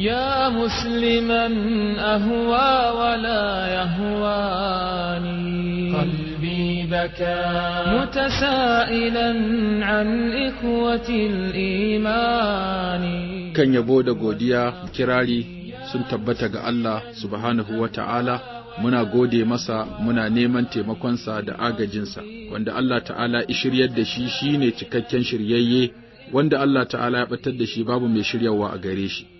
يا مسلما أهوى ولا يهواني قلبي بكى متسائلا عن إخوة الإيمان كان يبود قوديا كرالي sun tabbata ga Allah subhanahu ta'ala muna gode masa muna neman taimakonsa da agajinsa wanda Allah ta'ala ya shiryar da shi shine cikakken shiryayye wanda Allah ta'ala ya batar da shi babu mai shiryawa a gare shi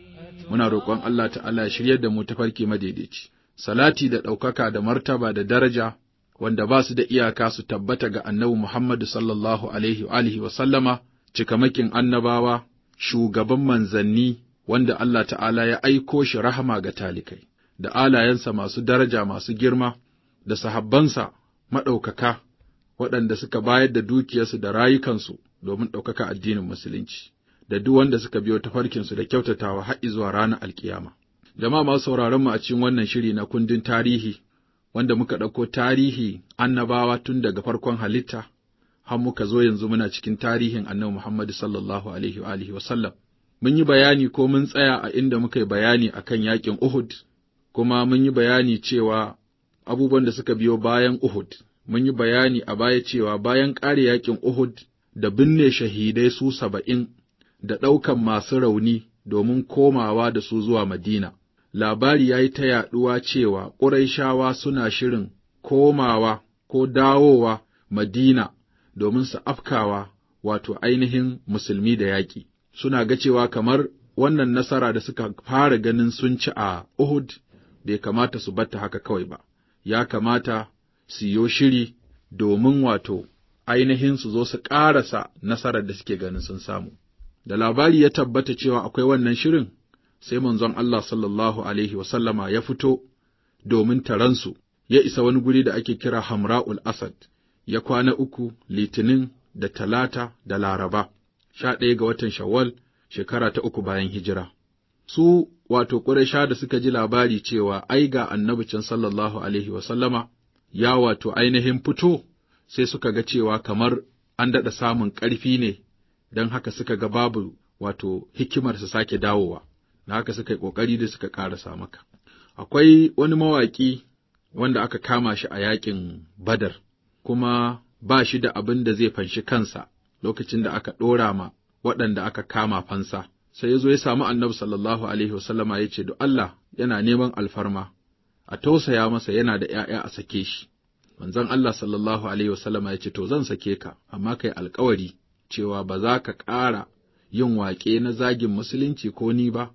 muna roƙon Allah ta'ala ya shiryar da mu tafarki madaidaici, salati da ɗaukaka da martaba da daraja wanda ba su da iyaka su tabbata ga annabi Muhammadu sallallahu alaihi wa cikamakin annabawa, shugaban manzanni wanda Allah ta'ala ya aiko shi rahama ga talikai, da alayensa masu daraja masu girma, da sahabbansa maɗaukaka, waɗanda suka bayar da dukiyarsu da rayukansu domin ɗaukaka addinin Musulunci. da duk wanda suka biyo tafarkinsu da kyautatawa har zuwa ranar alkiyama. Jama'a masu sauraron mu a cikin wannan shiri na kundin tarihi wanda muka ɗauko tarihi annabawa tun daga farkon halitta har muka zo yanzu muna cikin tarihin Annabi Muhammadu sallallahu alaihi wa alihi wa Mun yi bayani ko mun tsaya a inda muka yi bayani a kan yaƙin Uhud kuma mun yi bayani cewa abubuwan da suka biyo bayan Uhud. Mun yi bayani a baya cewa bayan ƙare yaƙin Uhud da binne shahidai su saba'in da ɗaukan masu rauni domin komawa da su zuwa Madina. Labari ya yi ta yaɗuwa cewa Ƙuraishawa suna shirin komawa ko dawowa Madina domin su afkawa wato ainihin musulmi da yaƙi. Suna ga cewa kamar wannan nasara da suka fara ganin sun ci a Uhud bai kamata su batta haka kawai ba, ya kamata su yi shiri domin wato ainihin su zo su ƙarasa nasarar da suke ganin sun samu. Da labari ya tabbata cewa akwai wannan shirin, sai manzon Allah sallallahu Alaihi wasallama ya fito domin taransu, ya isa wani guri da ake kira Hamra'ul Asad, ya kwana uku Litinin da Talata da Laraba, sha ɗaya ga watan Shawwal, shekara ta uku bayan hijira. Su wato sha da suka ji labari cewa ai ga annabi can sallallahu Alaihi wasallama ya wato ainihin fito, sai suka ga cewa kamar an daɗa samun ƙarfi ne don haka suka ga babu wato hikimar su sake dawowa, da haka suka yi ƙoƙari da suka ƙarasa maka. Akwai wani mawaƙi wanda aka kama shi a yaƙin Badar, kuma ba shi da abin da zai fanshi kansa lokacin da aka ɗora ma waɗanda aka kama fansa. Sai ya zo ya samu annabi sallallahu alaihi wasallama ya ce, Allah yana neman alfarma, a tausaya masa yana da ’ya'ya a sake shi. Manzon Allah sallallahu alaihi wasallama ya ce, To, zan sake ka, amma kai alkawari cewa ba za ka ƙara yin waƙe na zagin musulunci ko ni ba,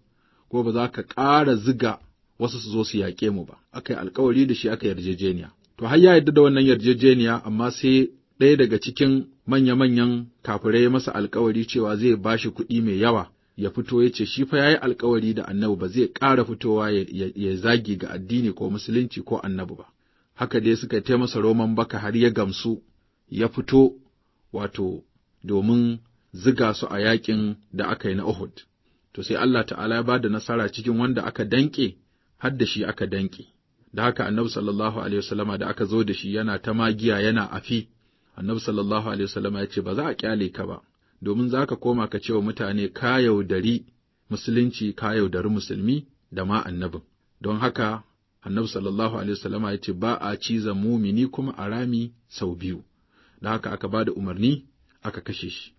ko ba za ka ƙara ziga wasu su zo su yaƙe mu ba, aka yi alkawari da shi aka yarjejeniya. To har ya yarda da wannan yarjejeniya amma sai ɗaya daga cikin manya-manyan kafirai ya masa alkawari cewa zai ba shi kuɗi mai yawa ya fito ya ce shi fa ya yi alkawari da annabi ba zai ƙara fitowa ya zagi ga addini ko musulunci ko annabi ba. Haka dai suka taimasa roman baka har ya gamsu ya fito wato domin ziga su a yaƙin da aka yi na Uhud. To sai Allah ta'ala ya ba da nasara cikin wanda aka danƙe, har da shi aka danƙe. Da haka annabi sallallahu alaihi wasallama da aka zo da shi yana ta magiya yana afi, annabi sallallahu alaihi wasallama ya ce ba za a ƙyale ka ba, domin za ka koma ka ce wa mutane ka yaudari musulunci ka yaudari musulmi da ma annabin. Don haka annabi sallallahu alaihi wasallama ya ce ba a ciza mumini kuma a rami sau biyu. Da haka aka ba da umarni aka kashe shi.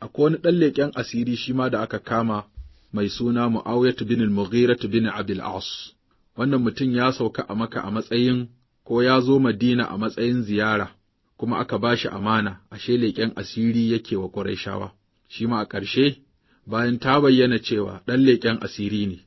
Akwai wani ɗan leƙen asiri shi ma da aka kama mai suna Mu'awiyatu bin Mughira bin Abil As. Wannan mutum ya sauka a Maka a matsayin ko ya zo Madina a matsayin ziyara, kuma aka ba shi amana, ashe leƙen asiri yake wa Qurayshawa. Shi ma a ƙarshe, bayan ta bayyana cewa ɗan leƙen asiri ne,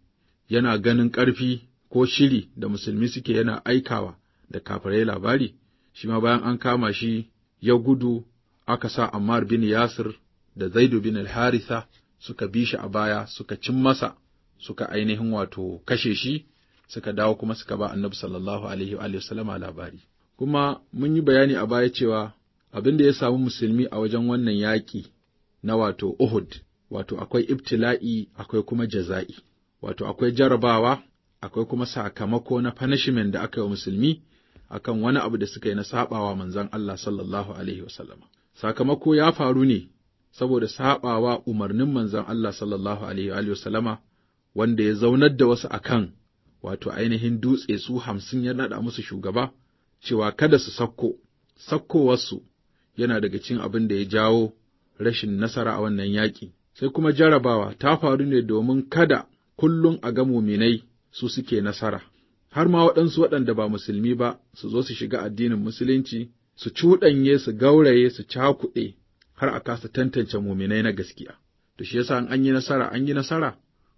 yana ganin ƙarfi ko shiri da musulmi suke yana aikawa da kafirai labari, shima bayan an kama shi ya gudu aka sa Ammar bin Yasir da Zaidu bin Haritha suka bi shi a baya suka cin masa suka ainihin wato kashe shi suka dawo kuma suka ba Annabi sallallahu alaihi wa sallama labari kuma mun yi bayani a baya cewa abin da ya samu musulmi a wajen wannan yaƙi na wato Uhud wato akwai ibtila'i akwai kuma jaza'i wato akwai jarabawa akwai kuma sakamako na punishment da aka yi wa musulmi akan wani abu da suka yi na sabawa manzon Allah sallallahu alaihi wasallama sakamako ya faru ne saboda saɓawa umarnin manzon Allah sallallahu alaihi wasallama wanda ya zaunar da wasu a kan wato ainihin dutse su hamsin ya naɗa musu shugaba, cewa kada su sakko, sakkowarsu yana daga cin abin da ya jawo rashin nasara a wannan yaƙi. Sai kuma jarabawa ta faru ne domin kada kullum a ga muminai su suke nasara, har ma waɗansu waɗanda ba musulmi ba su zo su shiga addinin musulunci su cuɗanye su gauraye su cakuɗe har a kasa tantance muminai na gaskiya. To shi yasa an yi nasara an yi nasara,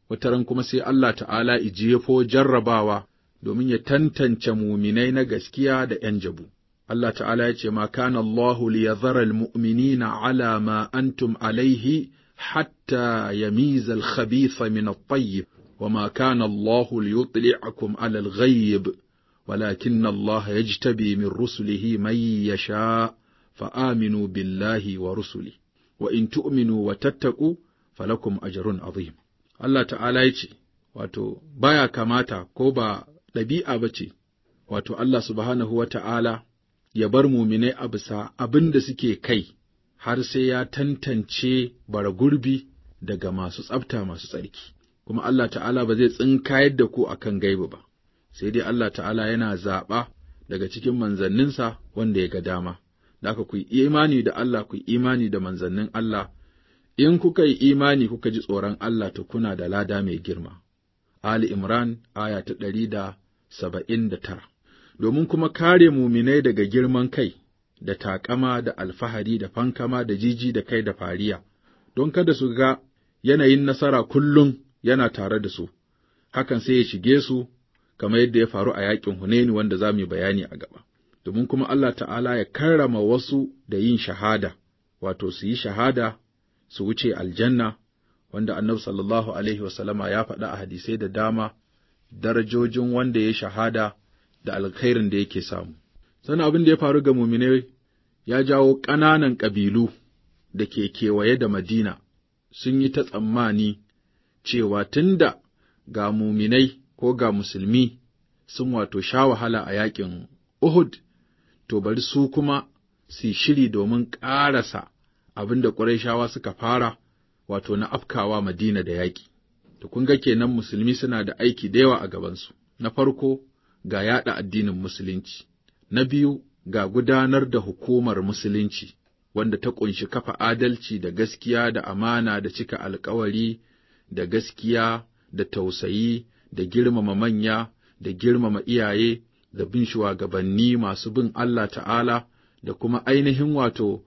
wataran kuma sai Allah ta'ala i jefo jarrabawa domin ya tantance muminai na gaskiya da ’yan jabu. Allah ta'ala ya ce, Ma kana Allahu li yadhara al-mu'minina ala ma antum alayhi hatta yamiza al-khabitha min at-tayyib wa ma kana Allahu li yutli'akum ala al-ghaib ولكن الله يجتبي من رسله من يشاء فآمنوا بالله ورسله وإن تؤمنوا وتتقوا falakum ajrun azim Allah ta'ala ya ce wato baya kamata ko ba ɗabi'a ba ce wato Allah subhanahu wa ta'ala ya bar muminai a bisa abin da suke kai har sai ya tantance bara gurbi daga masu tsafta masu tsarki kuma Allah ta'ala ba zai tsinkayar da ku akan gaiba ba sai dai Allah ta'ala yana zaɓa daga cikin manzanninsa wanda ya ga dama. Daka ku yi imani da Allah, ku yi imani da manzannin Allah, in kuka yi imani kuka ji tsoron Allah to kuna da lada mai girma. Ali Imran aya ta ɗari da saba'in da tara. Domin kuma kare muminai daga girman kai, da taƙama da alfahari da fankama da jiji da kai da fariya, don kada su ga yanayin nasara kullum yana tare da su, hakan sai ya shige su kamar yadda ya faru a yaƙin Hunaini wanda za mu yi bayani a gaba. Domin kuma Allah ta'ala ya karrama wasu da yin shahada, wato su yi shahada su wuce aljanna, wanda annabi sallallahu Alaihi wasallama ya faɗa a hadisai da dama darajojin wanda ya shahada da alkhairin da yake samu. San abin da ya faru ga muminai ya jawo ƙananan ƙabilu da ke kewaye da Madina sun yi ta tsammani cewa tunda ga muminai ko ga musulmi sun wato sha wahala a yaƙin Uhud, to bari su kuma su shiri domin ƙarasa abin da shawa suka fara, wato na afkawa Madina da yaƙi. To kun ga kenan musulmi suna da aiki da yawa a gabansu, na farko ga yaɗa addinin musulunci, na biyu ga gudanar da hukumar musulunci, wanda ta ƙunshi kafa adalci da gaskiya da amana da cika alkawari da gaskiya da tausayi da girmama manya, da girmama iyaye, da bin shugabanni masu bin Allah ta'ala, da kuma ainihin wato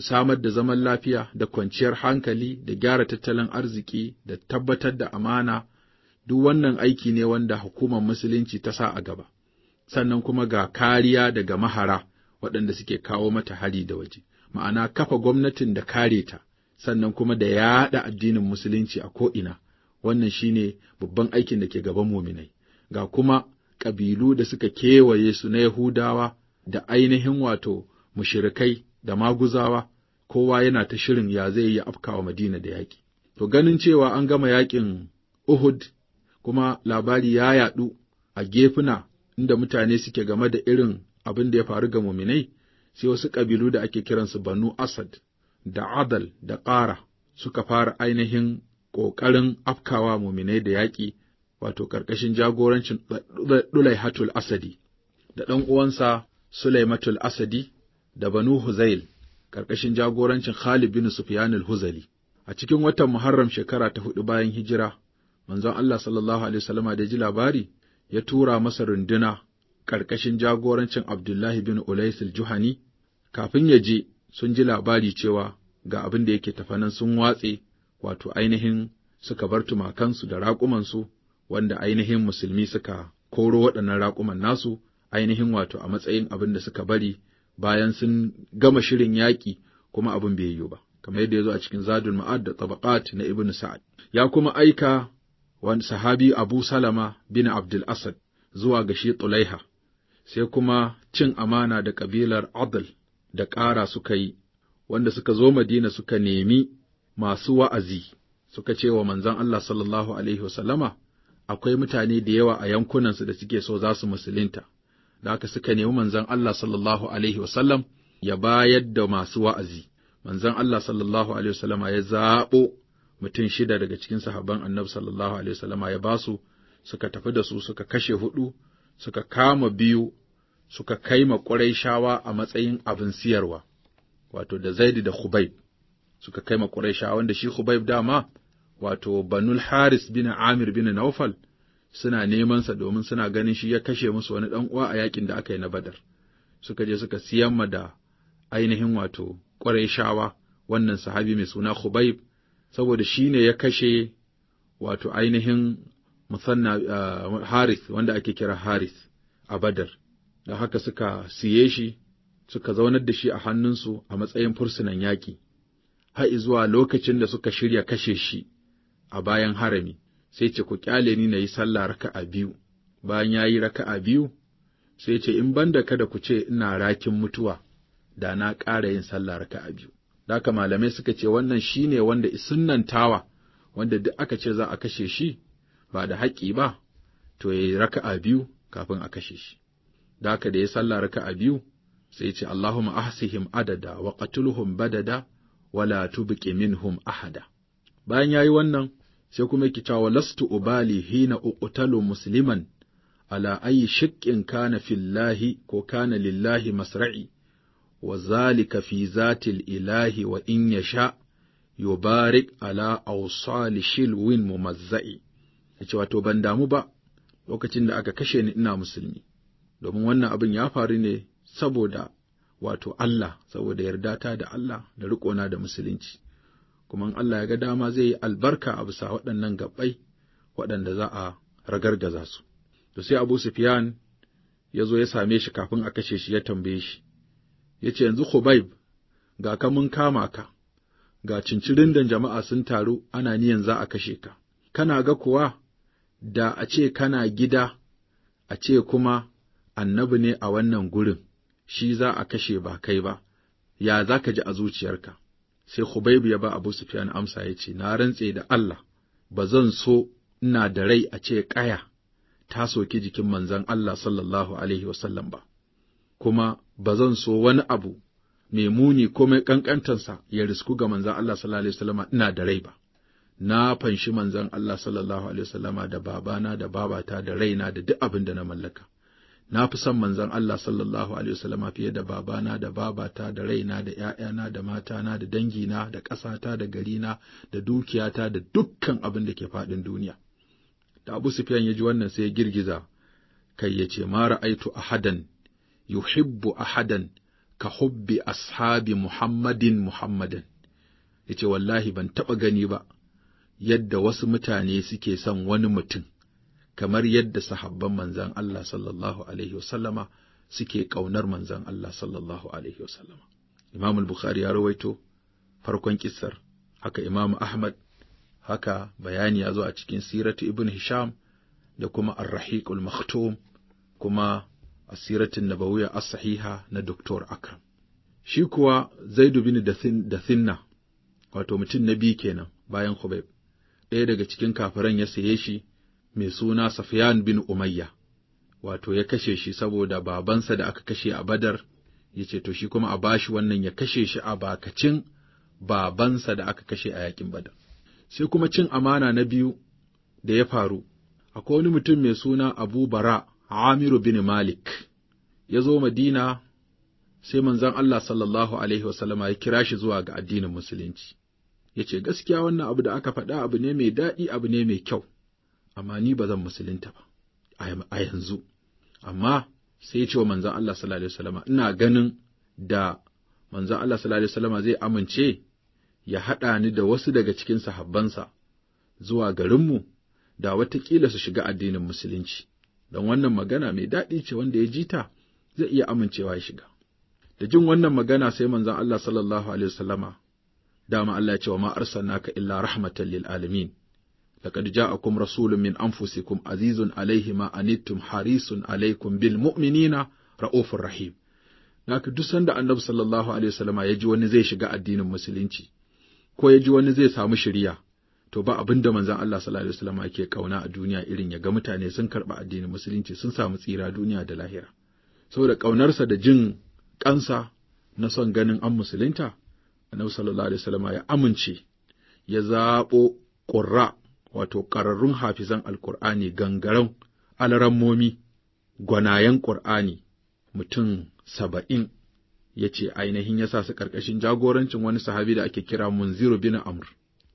samar da zaman lafiya, da kwanciyar hankali, da gyara tattalin arziki, da tabbatar da amana, duk wannan aiki ne wanda hukumar Musulunci ta sa a gaba. Sannan kuma ga kariya daga mahara waɗanda suke kawo mata hari da waje, ma'ana kafa gwamnatin da kare ta, sannan kuma da yaɗa addinin Musulunci a ko'ina. wannan shi ne babban aikin da ke gaban muminai ga kuma ƙabilu da suka kewaye su na Yahudawa da ainihin wato mushirikai da maguzawa kowa yana ta shirin ya zai yi afkawa Madina da yaƙi to ganin cewa an gama yaƙin Uhud kuma labari ya yaɗu a gefuna inda mutane suke game da irin abin da ya faru ga muminai sai wasu ƙabilu da ake kiransu Banu Asad da Adal da Ƙara suka fara ainihin ƙoƙarin afkawa muminai da yaƙi, wato ƙarƙashin jagorancin ɗulai hatul Asadi, da ɗan uwansa Sulaimatul Asadi, da Banu Huzail, ƙarƙashin jagorancin Khalid bin Sufyanul Huzali. A cikin watan Muharram shekara ta hudu bayan hijira, manzon Allah sallallahu Alaihi wasallama da ji labari, ya tura masa runduna ƙarƙashin jagorancin Abdullahi bin Ulaisul Juhani, kafin ya je sun ji labari cewa ga abin da yake tafanan sun watse wato ainihin suka bar tumakansu da raƙumansu wanda ainihin musulmi suka koro waɗannan raƙuman nasu ainihin wato a matsayin abin da suka bari bayan sun gama shirin yaƙi kuma abin bai yiwu ba kamar yadda ya zo a cikin zadun ma'ad da tabaqat na ibnu sa'ad ya kuma aika wani sahabi abu salama bin abdul asad zuwa ga shi tulaiha sai kuma cin amana da kabilar adl da ƙara suka yi wanda suka zo madina suka nemi masu wa'azi suka ce wa manzan Allah sallallahu Alaihi wasallama, akwai mutane da yawa a yankunansu da suke so za su musulinta, da haka suka nemi manzan Allah sallallahu Alaihi wasallam ya bayar da masu wa'azi. Manzan Allah sallallahu Alaihi wasallama ya zaɓo mutum shida daga cikin sahaban annabi sallallahu Alaihi wasallama ya basu, suka tafi da su suka kashe huɗu, suka kama biyu, suka kai ma shawa a matsayin abin siyarwa, wato da Zaid da Khubayb. suka kai ma Quraysha wanda shi Khubayb dama wato Banul Haris bin Amir bin Naufal suna neman sa domin suna ganin shi ya kashe musu wani dan uwa a yakin da aka yi na Badar suka je suka siyan ma da ainihin wato Qurayshawa wannan sahabi mai suna Khubayb saboda shi ne ya kashe wato ainihin musanna uh, Haris wanda ake kira Haris a Badar da haka suka siye shi suka zaunar da shi a hannunsu a matsayin fursunan yaƙi. har zuwa lokacin da suka shirya kashe shi a bayan harami, sai ce ku ƙyale ni na yi sallah a biyu, bayan ya yi raka a biyu, sai ce in banda kada ku ce ina rakin mutuwa, da na ƙara yin sallah a biyu. Daka malamai suka ce wannan shi ne wanda tawa wanda duk aka ce za a kashe shi, ba da haƙƙi ba, to ya yi raka a biyu kafin a kashe shi. Daka da ya sallah a biyu, sai ce Allahumma ahsihim adada wa da badada wala tubqi minhum ahada bayan yayi wannan sai kuma yake cewa lastu ubali hina uqtalu musliman ala ayi shiqqin kana fillahi ko kana lillahi masra'i wa zalika fi zatil ilahi wa in yasha yubarik ala awsali shilwin mumazza'i yace wato ban damu ba lokacin da aka kashe ni ina musulmi domin wannan abin ya faru ne saboda wato Allah saboda yarda ta da Allah da rikona da musulunci kuma in Allah ya ga dama zai yi albarka a bisa waɗannan gaɓai waɗanda za a ragargaza su to sai Abu Sufyan ya zo ya same shi kafin a kashe shi ya tambaye shi ya ce yanzu Khubayb ga ka mun kama ka ga cincirin da jama'a sun taru ana niyan za a kashe ka kana ga kuwa da a ce kana gida a ce kuma annabi ne a wannan gurin shi za a kashe ba kai ba, ya za ka ji a zuciyarka? Sai Hubaibu ya ba Abu Sufyan amsa ya ce, Na rantse da Allah, ba zan so ina da rai a ce ƙaya ta soki jikin manzan Allah sallallahu Alaihi wasallam ba, kuma ba zan so wani abu mai muni ko mai ƙanƙantarsa ya risku ga manzan Allah sallallahu Alaihi wasallama ina da rai ba. Na fanshi manzan Allah sallallahu Alaihi da babana da babata da raina da duk abin da na mallaka. na fi son manzon Allah sallallahu alaihi wasallama fiye da babana da babata da raina da ‘ya'yana da matana da dangina da ƙasata da garina da dukiyata da dukkan abin da ke faɗin duniya. Da Abu Sufyan ya ji wannan sai ya girgiza kai ya ce ma ra'aitu ahadan yuhibbu ahadan ka hubbi ashabi Muhammadin Muhammadin. Ya ce wallahi ban taɓa gani ba yadda wasu mutane suke son wani mutum kamar yadda sahabban manzan Allah sallallahu Alaihi wasallama suke ƙaunar manzan Allah sallallahu Alaihi wasallama. Imam bukhari ya rawaito farkon kissar, haka Imam Ahmad, haka bayani ya zo a cikin siratu Ibn Hisham da kuma Ar-Rahiq kuma a kuma Asiratin Nabawiyya As-Sahiha na Dr. Akram. Shi kuwa Zaidu da Dathinna, wato mutum na biyu kenan bayan Khubayb, ɗaya daga cikin kafiran ya saye shi mai suna Safiyan bin Umayya, wato ya kashe shi saboda babansa da aka kashe a Badar, ya ce to shi kuma a bashi wannan ya kashe shi a bakacin babansa da aka kashe a yakin Badar. Sai kuma cin amana na biyu da ya faru, akwai wani mutum mai suna Abu Bara Amiru bin Malik, ya zo Madina sai manzon Allah sallallahu Alaihi wasallama ya kira shi zuwa ga addinin Musulunci. Ya ce, Gaskiya wannan abu da aka faɗa abu ne mai daɗi abu ne mai kyau, amma ni ba zan musulunta ba a yanzu amma sai ya ce wa manzon Allah sallallahu alaihi wasallama ina ganin da manzon Allah sallallahu alaihi wasallama zai amince ya haɗa ni da wasu daga cikin sahabbansa zuwa garinmu da watakila su shiga addinin musulunci don wannan magana mai daɗi ce wanda ya jita zai iya amincewa ya shiga da jin wannan magana sai manzon Allah sallallahu alaihi wasallama dama Allah ya ce wa ma arsalnaka illa rahmatan lil alamin a ja'akum rasulun min anfusikum azizun alaihi ma harisun alaikum bil mu'minina ra'ofin rahim naka duk sanda annabi sallallahu ya ji wani zai shiga addinin musulunci ko ya ji wani zai samu shiriya to ba abinda da manzon Allah sallallahu alaihi wasallama yake kauna a duniya irin ya ga mutane sun karɓi addinin musulunci sun samu tsira duniya da lahira saboda ƙaunarsa da jin ƙansa na son ganin an musulunta annabi sallallahu ya amince ya zaɓo ƙurra wato ƙararrun hafizan alƙur'ani gangaren alarammomi gwanayen ƙur'ani mutum saba'in ya ce ainihin ya sa su ƙarƙashin jagorancin wani sahabi da ake kira munziru bin amr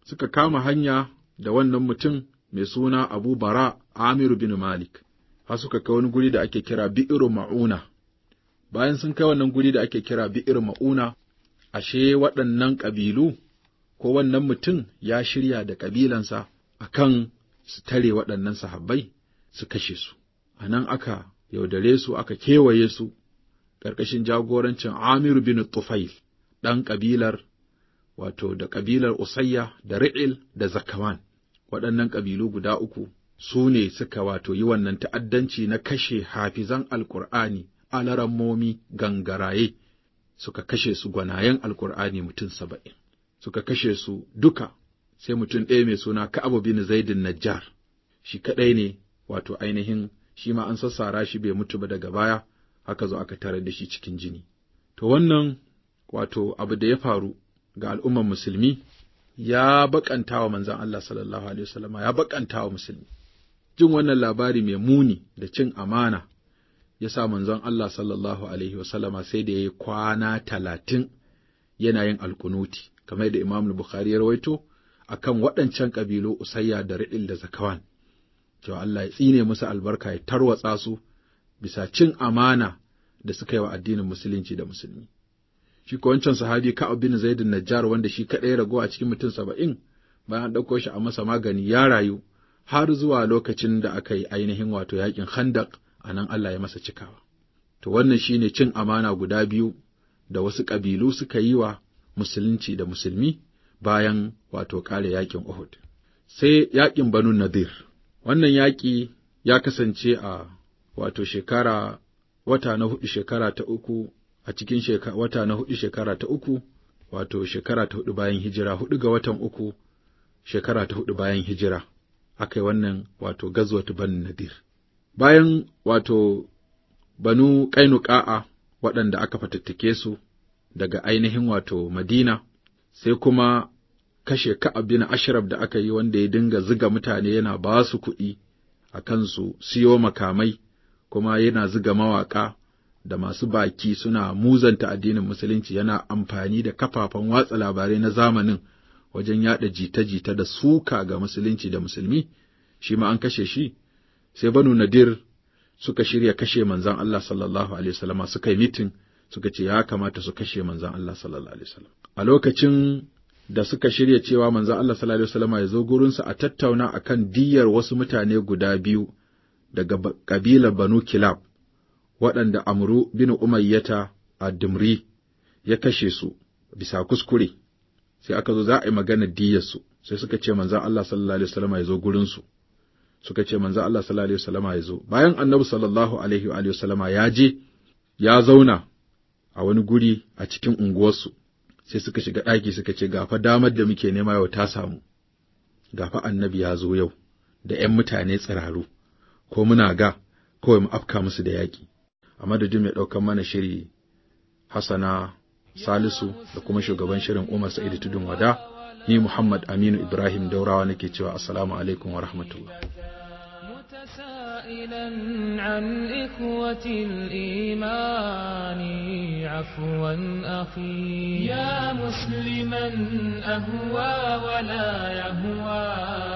suka kama hanya da wannan mutum mai suna abu bara amiru bin malik har suka kai wani guri da ake kira bi'iru ma'una bayan sun kai wannan guri da ake kira bi'iru ma'una ashe waɗannan ƙabilu ko wannan mutum ya shirya da ƙabilansa akan su tare waɗannan sahabbai su kashe su a nan aka yaudare su aka kewaye su ƙarƙashin jagorancin Amir bin Tufail ɗan ƙabilar wato da ƙabilar Usayya da Ri'il da Zakawan waɗannan ƙabilu guda uku su ne suka wato yi wannan ta'addanci na kashe hafizan Alƙur'ani momi, gangaraye suka kashe su gwanayen Alƙur'ani mutum saba'in suka kashe su duka sai mutum ɗaya mai suna Ka'abu bin Zaidin Najjar, shi kaɗai ne, wato ainihin shi ma an sassara shi bai mutu ba daga baya, haka zo aka tare da shi cikin jini. To wannan wato abu da ya faru ga al'ummar musulmi ya baƙanta wa manzan Allah sallallahu Alaihi wasallama ya baƙanta wa musulmi. Jin wannan labari mai muni da cin amana ya sa manzan Allah sallallahu Alaihi wasallama sai da ya yi kwana talatin yana yin alkunuti, kamar da Imam Bukhari ya rawaito, a kan waɗancan ƙabilu Usayya da Ri'il da Zakawan, cewa Allah ya tsine musu albarka ya tarwatsa su bisa cin amana da suka yi wa addinin musulunci da musulmi. Shi ko wancan sahabi Ka'ab bin Zaidin Najjar wanda shi kaɗai rago a cikin mutum saba'in bayan an ɗauko shi a masa magani ya rayu har zuwa lokacin da aka yi ainihin wato yaƙin handak a nan Allah ya masa cikawa. To wannan shi ne cin amana guda biyu da wasu ƙabilu suka yi wa musulunci da musulmi bayan wato kare yaƙin Uhud. Sai yaƙin Banu Nadir, wannan yaƙi ya kasance a wato shekara wata na hudu shekara ta uku a cikin shekara wata na hudu shekara ta uku wato shekara ta hudu bayan hijira hudu ga watan uku shekara ta hudu bayan hijira aka yi wannan wato gazwatu Banu Nadir. Bayan wato Banu ka'a waɗanda aka fatattake su daga ainihin wato Madina, sai kuma kashe Ka'ab bin Ashraf da aka yi wanda ya dinga ziga mutane yana ba su kuɗi a kansu siyo makamai, kuma yana ziga mawaƙa da masu baki suna muzanta addinin Musulunci yana amfani da kafafen watsa labarai na zamanin wajen yaɗa jita-jita da suka ga Musulunci da Musulmi, shi ma an kashe shi, sai Banu Nadir suka shirya kashe manzon Allah sallallahu Alaihi wasallama suka yi mitin. suka ce ya kamata su kashe manzan Allah sallallahu alaihi wasallam a lokacin da suka shirya cewa manzan Allah sallallahu alaihi wasallam ya zo gurinsa a tattauna akan diyar wasu mutane guda biyu daga kabilar Banu Kilab waɗanda Amru bin Umayyata a Dimri ya kashe su bisa kuskure sai aka zo za a yi magana diyar su sai suka ce manzan Allah sallallahu alaihi wasallam ya zo gurinsu suka ce manzan Allah sallallahu alaihi wasallam ya zo bayan annabi sallallahu alaihi wasallam ya je ya zauna a wani guri a cikin unguwarsu sai suka shiga ɗaki suka ce gafa damar da muke nema yau ta samu gafa annabi ya zo yau da ’yan mutane tsiraru ko muna ga kawai mu afka musu da yaƙi a madadin mai ɗaukar mana shiri Hassana Salisu da kuma shugaban shirin Umar Sa'idu Tudun Wada, ni Muhammad Aminu Ibrahim Daurawa nake cewa Assalamu alaikum wa rahmatullah. سائلا عن إخوة الإيمان عفوا أخي يا مسلما أهوى ولا يهوى